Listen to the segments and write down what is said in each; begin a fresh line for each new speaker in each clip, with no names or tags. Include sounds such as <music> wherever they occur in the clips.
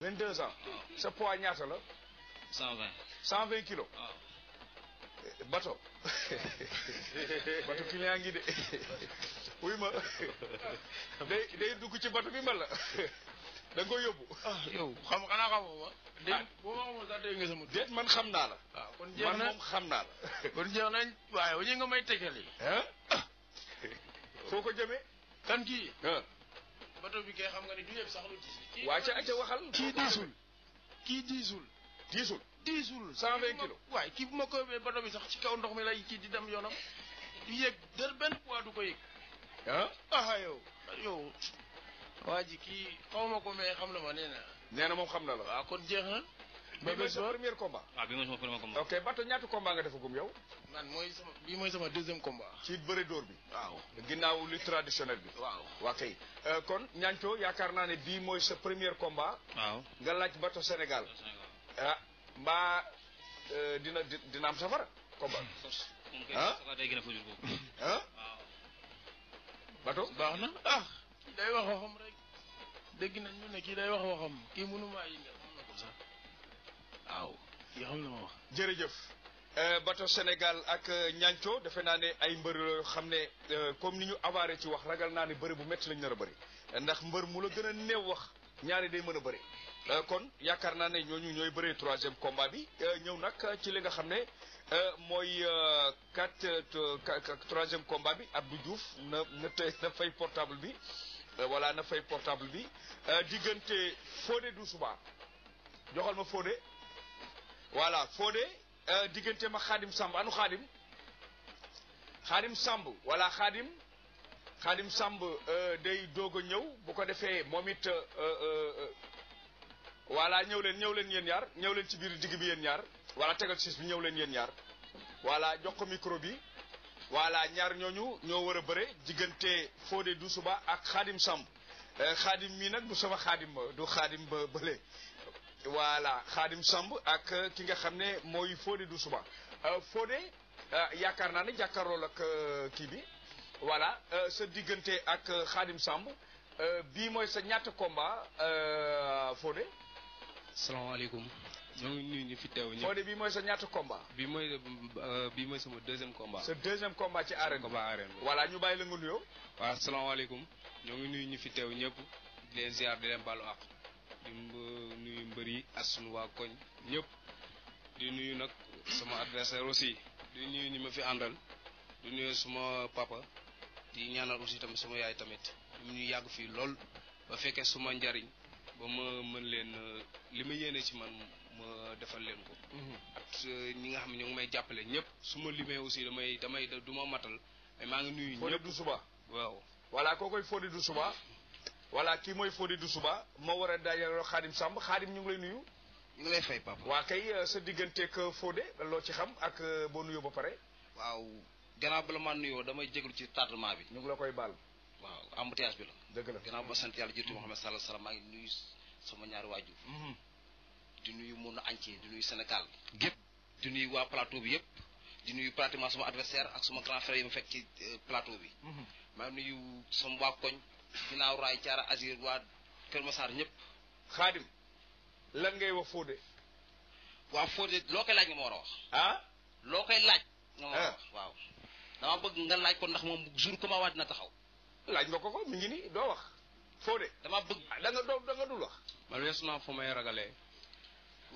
vingt deux ans sa poids ñaata la. cent vingt. cent vingt kilos. waaw. bato. bato client ngi de. <laughs> wuy ma <laughs> day dugg ci bato bi ma la <laughs> da nga koy yóbbu. Ah, yow xam xanaa xamoo ma. ah man xam naa la.
waaw ah, kon jeex na man moom
xam naa la. kon jeex nañ waaye ñu nga may tegal yi. foo ko jëmee. kan kii.
bato bi kay xam nga ne du yëpp sax lu diis. waa ca acca waxal. kii diisul
kii diisul. diisul diisul. cent vingt kilos waaye kii bu ma ko yóbbee bato bi sax ci kaw ndox mi lay kii di dem yoonam. du yëg dër benn poids du ko yëg. ah ah yow yow. waa ji kii xaw ma ko mais xam na ma nee na. nee na moom xam na la. waaw kon jeex na. ba bés ba premier combat.
waaw ah, bii mooy sama
ok Bato ñaata combat nga defagum yow. man mooy sama bii mooy sama deuxième combat. ci bëre dóor bi. waaw ginnaaw li traditionnel bi. waaw waa kay euh, kon ñaanto yaakaar naa ne bii mooy sa premier combat. nga laaj Bato Sénégal. Ah, mbaa euh, dina dina am safara. combat ah? Bato baax na ah. day wax waxam rek dégg nañ ñu ne kii day wax waxam kii mënu maa yëngal. waaw yoo xam ne moo wax jërëjëf euh, bato Sénégal ak euh, ñanco defe naa ne ay mbër yoo xam ne euh, comme ni ñu avaare ci wax ragal naa ne bëri bu métti lañ nar a bëri ndax mbër mu la gën a néew wax ñaare day mën a bëri kon yaakaar naa ne ñooñu ñooy bëree troisième komba bi ñëw nag ci li nga xam ne mooy quatre troisième combat bi Abdou Diouf na na tey na fay portable bi voilà na fay portable bi diggante Fodé Doussouba joxal ma Fodé voilà Fodé euh, diggante ma xaadim Samb anu xaadim xaadim Samb voilà xaadim xaadim Samb euh, day doog a ñëw bu ko defee moom it euh, voilà ñëw leen ñëw leen yéen ñaar ñëw leen ci biir digg bi yéen ñaar voilà tegal siis bi ñëw leen yéen ñaar voilà jox ko micro voilà ñaar ñooñu ñoo war a bëre diggante du suba ak xaadim Samb xaadim mii nag du sama xaadim du xaadim ba bële voilà Khadim Samb ak euh, ki nga xam ne mooy du suba euh, Fodé euh, yaakaar naa ne jàkkaarlool ak kii bi voilà sa diggante ak Khadim Samb bii mooy sa ñaata combat Fodé. salaamaaleykum. ñoo ngi nuyu ñu fi teew ñëpp bii mooy sa ñaata komba bi mooy bii mooy sama deuxième combat. sa deuxième combat ci arène. combat ñu bàyyi la nga nuyoo. waaw salaamaaleykum. ñoo ngi nuyu ñu fi teew ñëpp di leen ziar di leen baalu àq. di nuyu mbër yi ak sunu waa koñ ñëpp di nuyu nag sama adversaire aussi di nuyu ñi ma fi àndal di nuyu suma papa di ñaanal aussi tamit suma yaay tamit mu ñu yàgg fii lool ba fekkee suma njariñ ba ma mën leen li ma yéene ci man ma defal leen ko mhm. ak euh, ñi nga xam ne ñu may jàppale ñëpp suma ma limee aussi damay damay du ma matal mais maa ngi nuyu ñëpp du suba waaw voilà koo koy fodi du suba voilà kii mooy Fodé Doussouba moo war a dajale Xaadim Samb Xaadim ñu ngi lay nuyu. ñu ngi lay fay papa. waa kay euh, sa digganteeg euh, Fodé loo ci xam ak euh, boo nuyoo ba pare. waaw gannaaw bala maa nuyoo damay jégalu ci tardement bi. ñu ngi la koy baal. waaw bi la. dëgg la gannaaw ba sant yàlla jiitu Muhammad sallallahu alayhi wasallam maa ngi nuyu sama ñaari waajur. Mm-hmm. di nuyu mun a entier di nuyu Sénégal gépp mm-hmm. di nuyu waa plateau bi yëpp di nuyu pratiquement sama adversaire ak sama grand frère yi ma fekk ci plateau bi. Mm-hmm. maa nuyu sama waa koñ ginnaaw raay caara asir waa Kër Masaar ñëpp. xaadim lan ngay wax Fodé. waaw Fodé loo koy laaj nga ma war a wax. Ah? loo koy laaj. Ah. waaw. dama bëgg nga laaj ko ndax moom jour comment waa dina taxaw. laaj nga ko ko doo wax. Fodé dama bëgg. Ah, da nga doo da nga dul weesu naa fu may ragalee.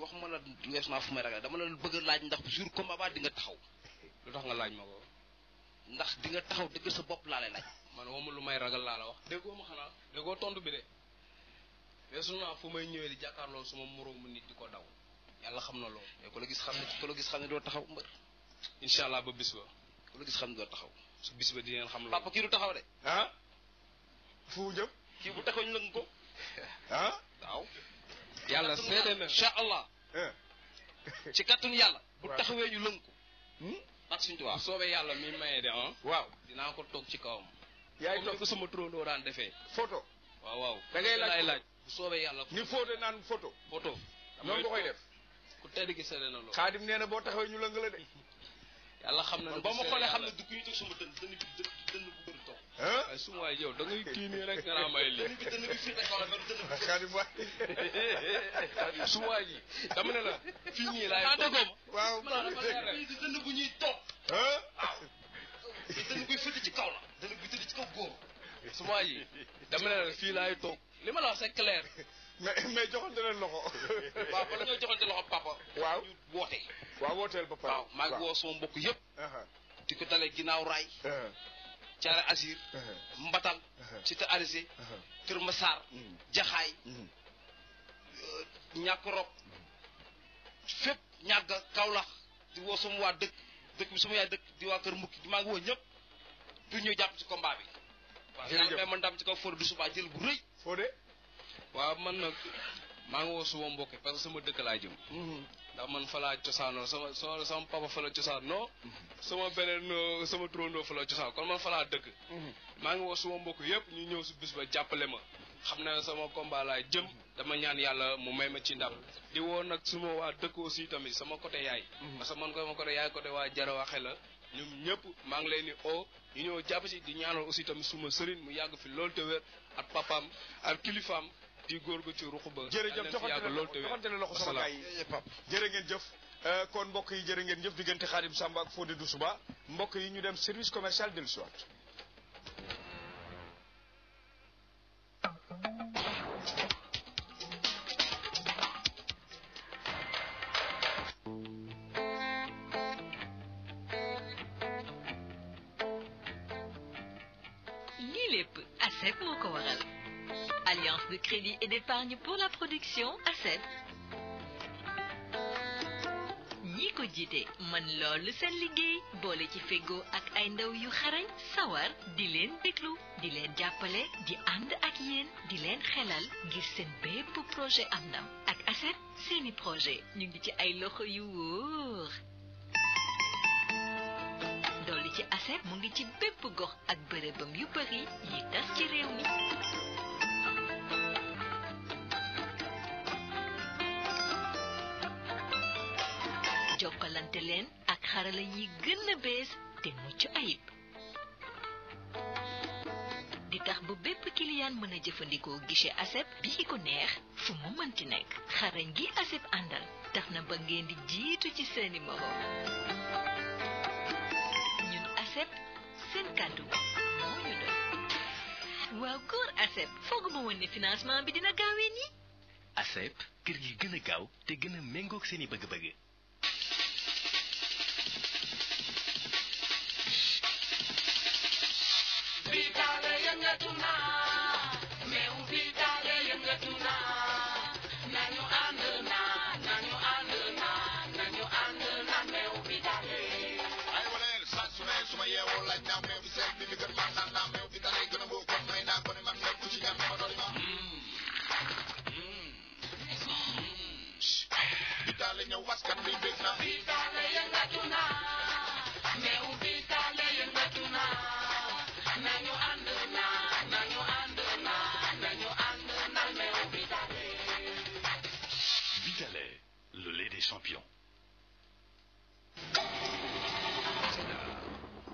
wax ma la weesu naa fu may ragalee dama la bëgg laaj ndax jour comment waa di nga taxaw. lu tax nga laaj ma ko. ndax di nga taxaw dëgg sa bopp laa lay laaj. man wama lu may ragal laa la wax déggoo ma xanaa déggoo tontu bi de weesu naa fu may ñëwee di jàkkaarloo suma moroomu nit di ko daw yàlla xam na loolu mais ku la gis xam ne ku gis xam ne doo taxaw mbër incha allah ba xam ne taxaw su bis xam loolu taxaw de ah fu jëm kii bu taxaw ñu lëng ko <laughs> yàlla seede na incha allah eh. ci kattun yàlla bu taxawee ñu lëng ko parce hmm? que soobee yàlla mi mayee de waaw dinaa ko toog ci kawam yaay toog ko sama turandoo daan defee photo waaw waaw da ngay laaj laaj bu soobee yàlla ñu fóote naan photo photo noonu nga koy def ku tedd gi sere na loolu xaadim nee na boo taxawee ñu lëng la de yàlla xam na ba ma xoolee xam ne dugg ñu teg sama dënn dënn bi dënn bu bëri toog waaye su ma yow da ngay kii nii rek nga naa may lii dënn bi dënn bi fii rek wala dënn bi xaadim waay su ma ji dama ne la fii nii laay naa dëggoo ma waaw dënn bu ñuy toog waaw dënn buy fëtt ci kaw la dënn buy tëdd su ma yi dama ne la fii laay toog li ma la wax c'est mais mais joxante leen <laughs> loxo. papa. waaw ñu waaw wooteel waaw maa ngi woo sama mbokk yëpp. Uh-huh. di ko dalee ginnaaw raay. Uh-huh. Caare Asir. Uh-huh. Mbatal. Cité Alizé. Kër Massar. Mm. Jaxaay. Mm. Euh, ñàkk rob mm. fépp ñàgg Kaolack di woo sama waa dëkk dëkk bi sama yaay dëkk di waa Kër Mukki di maa ngi woo ñëpp pour ñu jàpp ci combat bi. waaw man ndam ci kaw Fodé du jël bu rëy. waaw man maa ngi suma mbokk parce que sama dëkk laa jëm. Mhm. ndax man falaa laa cosaanoo sama sama sama papa fa la cosaanoo. Mhm. sama beneen euh, sama turandoo fa la cosaan kon man fa dëkk. Mhm. maa ngi woo suma mbokk yëpp ñu ñëw si bis ba jàppale ma. xam na sama combat jëm dama ñaan yàlla mu may ma ci ndam di woon nag suma waa dëkk aussi tamit sama côté yaay. parce que man ko sama côté yaay côté waa Jara waxe la ñoom ñëpp maa ngi leen di oo ñu ñëw jàpp si di ñaanal aussi tamit suma sëriñ mu yàgg fi loolu te wér ak papaam ak kilifaam di góor gu ci ruq ba. jërëjëf joxante ne loxo sama gaay yi pap jërë ngeen jëf. Euh, kon mbokk yi jërë ngeen jëf diggante Xaadim Samba ak Fodé Doussouba mbokk yi ñu dem service commercial dellu si waat
Bourgoren. Alliance de crédit et d'épargne pour la production ACET. ñi ko jiite man loolu seen liggéey boole ci fégo ak ay ndaw yu xarañ sawar di leen déglu di leen jàppale di ànd ak yéen di leen xelal ngir seen bépp projet am ndam ak ACET seeni projet ñu ngi ci ay loxo yu wóor mu ngi ci bépp gox ak bërëbam yu bari yi jokkalante leen ak xarala yi gën a bees te mucc ayib di tax bu bépp kiliyaan mën a jëfandikoo guichet ASEP bii ko neex fu mu mënti nekk xarañ gi ASEP àndal tax na ba ngeen di jiitu ci seeni moroom ASEP waaw góor ASEP foog woon ne financement bi dina gaawee nii
ASEP kër gi gëna gaaw te gëna a méngoog seeni bëgg-bëgg
bi daala yëngatu naa
Sampion.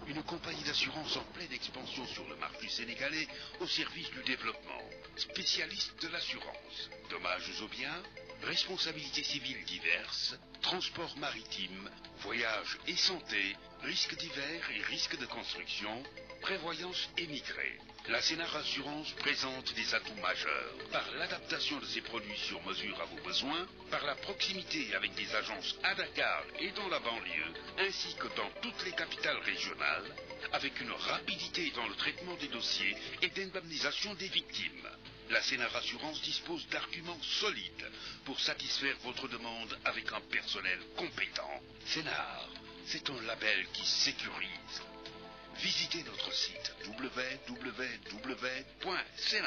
une compagnie d'assurance en pleine expansion sur le marché sénégalais au service du développement, spécialiste de l'assurance, dommages aux biens, responsabilités civiles diverses, transport maritime, voyages et santé, risques divers et risques de construction, prévoyance émigrée. La Sénat Assurance présente des atouts majeurs par l'adaptation de ses produits sur mesure à vos besoins, par la proximité avec des agences à Dakar et dans la banlieue, ainsi que dans toutes les capitales régionales, avec une rapidité dans le traitement des dossiers et d'indemnisation des victimes. La Sénat Assurance dispose d'arguments solides pour satisfaire votre demande avec un personnel compétent. Sénat, c'est un label qui sécurise visiter notre site www.cenar.sn.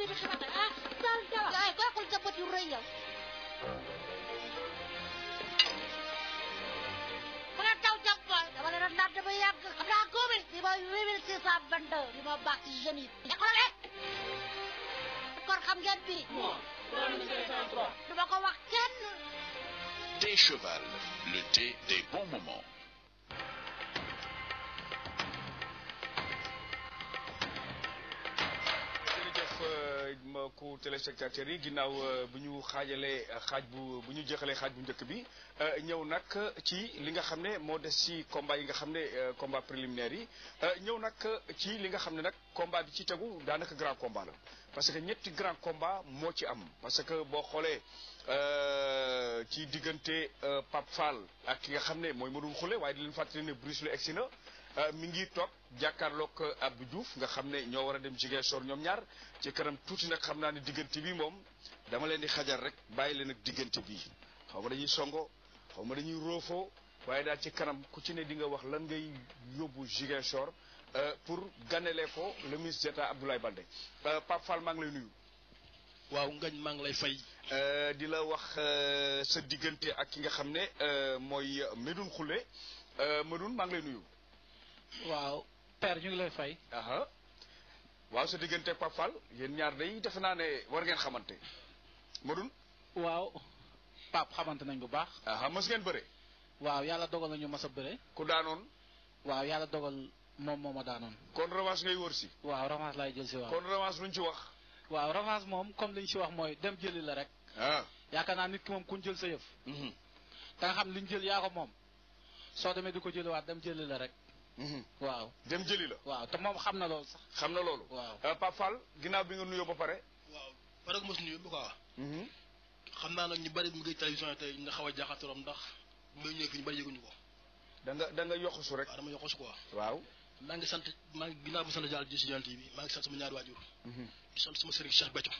bi di xalaat nag ah Sall Jawa ay baaxul sa bët yu rëy yow. bu la taw jàppal dama leen ma ko wax kenn.
cheval le des bons moments.
ma mbokku téléspectateurs yi ginnaaw euh, bu ñu xaajale euh, xaaj bu bu ñu jeexalee xaaj bu njëkk bi euh, ñëw nag ci li nga xam ne moo des ci combat yi nga xam ne combat préliminaire yi ñëw nag ci li nga xam ne nag combat bi ci tegu daanaka grand combat la parce que ñetti grand combat moo ci am parce que boo xoolee ci diggante Pape Fall ak ki nga xam ne mooy Modou Khoule waaye di leen fàttali ne Bruce Lee egsi na mi ngi toog jàkkaarloog Abdou Diouf nga xam ne ñoo war a dem Ziguinchor ñoom ñaar ci kanam tuuti nag xam naa ne diggante bi moom dama leen di xajar rek bàyyi leen ak diggante bi xaw ma dañuy songo xaw ma dañuy roofoo waaye daal ci kanam ku ci ne di nga wax lan ngay yóbbu Ziguinchor euh, pour ganale ko le ministre d'État Abdoulaye Baldé euh, Pape Fall lay nuyu. waaw ngañ maa ngi lay fay. Euh, di la wax sa diggante ak ki nga xam ne mooy Medoune xule Medoune maa ngi lay nuyu.
waaw père ñu ngi lay fay.
waaw sa diggante Pape Fall yéen ñaar day defe naa ne war ngeen xamante
Madoune. waaw Pape xamante nañ bu baax. mos ngeen bëre. waaw yàlla dogal nañu mas a bëre. ku daanoon. waaw yàlla dogal moom moo daanoon. kon revanche ngay wër si. waaw revanche laay jël si waaw. kon revanche luñ si wax. waaw revanche moom comme liñ si wax mooy dem jëli la rek. ah yaakaar naa nit ki moom kuñ jël sa yëf. da mhm. nga xam liñ jël yaa ko moom. soo demee di ko jëliwaat dem jëli la rek. Mhm. waaw dem jëli la. waaw te moom xam na loolu sax. xam na loolu. waaw euh, Pape Fall ginnaaw bi nga nuyoo ba pare.
waaw
pare mos nuyoo bu ko mhm. xam naa nag ñu bari mu ngi télévision tey nga xaw a jaaxaatorom ndax muy ñëw fi ñu bari yëguñu ko. da nga da nga yoxusu rek. waaw dama yoxusu quoi. waaw. maa ngi sant maa ngi ginnaaw bi sant yàlla ji si yàlla bi maa ngi sant sama ñaari waajur. Mhm. di sant sama sëriñ Cheikh Béthio.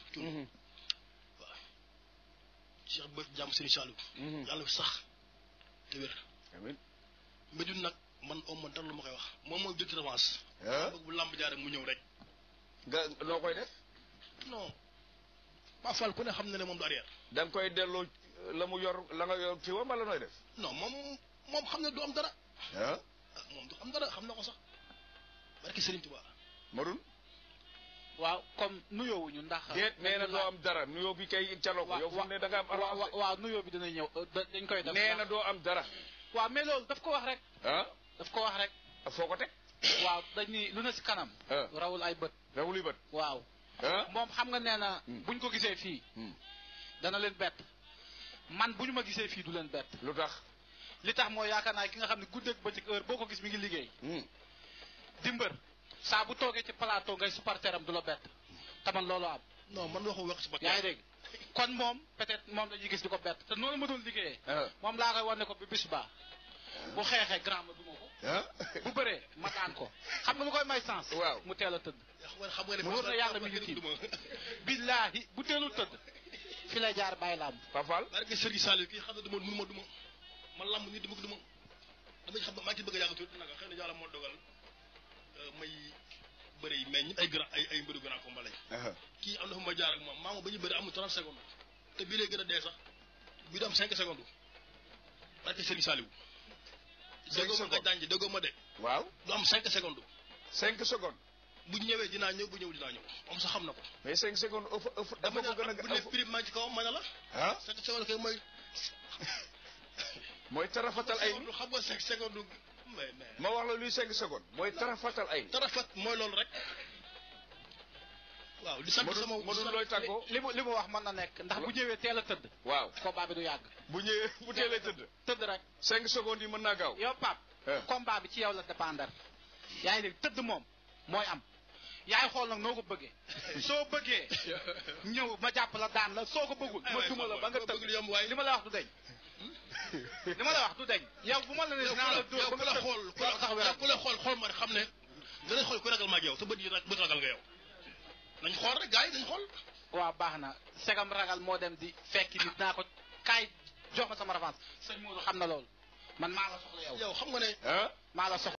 waaw Cheikh Béthio sax te wér. amiin nag. man om ma dara lu ma koy wax moom mooy jël ci revanche. bëgg bu làmb jaaree mu ñëw rek. nga koy def. non Pape Fall ku ne xam na ne moom du arrière. da koy delloo lamu yor la yor ci
woon wala nooy def. non moom moom xam ne du am dara. ah moom du am dara xam na ko sax barki Serigne Touba. Maroon. waaw comme nuyoo wu ñu ndax. déet nee na
doo am dara nuyoo bi kay caloo ko. yow ne da nga am avancé
waaw nuyoo bi dina ñëw dañ koy def. doo am dara. waa mais loolu daf ko wax rek. daf ko wax rek. foo ko teg. waaw dañ ni lu ne si kanam. Ah. rawul ay bët. rawul ay bët. waaw. Ah. moom xam nga nee na. Hmm. buñ ko gisee fii. Hmm. dana leen bett. man bu ñu ma gisee fii du leen bett. lu tax li tax mooy yaakaar naa ki nga xam ne guddeeg bëccëg heure boo ko gis mi ngi liggéey. Hmm. di mbër saa bu toogee ci plateau ngay supporteram du la bett te man loolu am. non man waxu wax si yaa ngi dégg kon moom peut-être moom dañuy gis di ko bett te noonu ma doon liggéeyee. Ah. moom laa koy wan ne ko bi bis baa bu xeexee grand ma ko. bu <laughs> bëree ma daan ko xam nga mu koy may sens. waaw mu teel a tëdd. xam nga ne mu wóor na yàlla mi ngi tiim <laughs> billaahi bu teelu tëdd. fi la jaar bàyyi làmb. Fafal. barke Serigne Saliou kii xam ne duma mënuma duma ma làmb nit dama ko duma dama xam maa ngi ci bëgg a yàgg tuuti nag xëy na yàlla moo dogal
euh, may bëri meññ ay grand ay ay mbëru grand combat lañ. Uh-huh. am na fu ma jaar ak moom maa ba ñu bëri amul 30 secondes te bii lay gën a dee sax bii du am 5 secondes barke Serigne Saliou. cinq secondes déggoo ma nga daañu ma de. waaw du am cinq secondes. cinq secondes. bu ñëwee dinaa ñëw bu ñëw dinaa ñëw am sax xam na ko. mais cinq secondes ëpp ëpp. dafa ko a bu ne prix maa ci ma ne la. ah cinq secondes kay mooy. mooy tarafatal ay mi xam nga cinq mais mais ma wax luy cinq secondes. mooy
tarafatal ay. tarafat mooy loolu rek. waaw di sant sama Modou looy tàggoo li mu li mu wax mën na nekk ndax bu ñëwee teel a tëdd waaw combat bi du yàgg bu ñëwee bu teel a tëdd tëdd rek cinq secondes yi mën naa gaaw yow Pape eh. combat bi ci yow la dépendre yaa ngi dégg tëdd moom mooy am yaay xool na noo ko bëggee <laughs> soo bëggee ñëw ma jàpp la daan la soo ko bëgg eh, ma duma la ba nga tëdd li ma la wax du deñ hmm? li ma la wax du deñ yow bu ma la ne naa la dóor ba nga tëdd ku la xool ku la xool xool ma xam ne dana xool ku ragal ma ak sa bët yi ragal nga yow nañ xool rek gars waaw baax na segam ragal moo dem di fekki nit naa ko kaay jox ma sama revanche sëñ Modou xam na lool man maa soxla yow. yow xam nga ne. maa la soxla.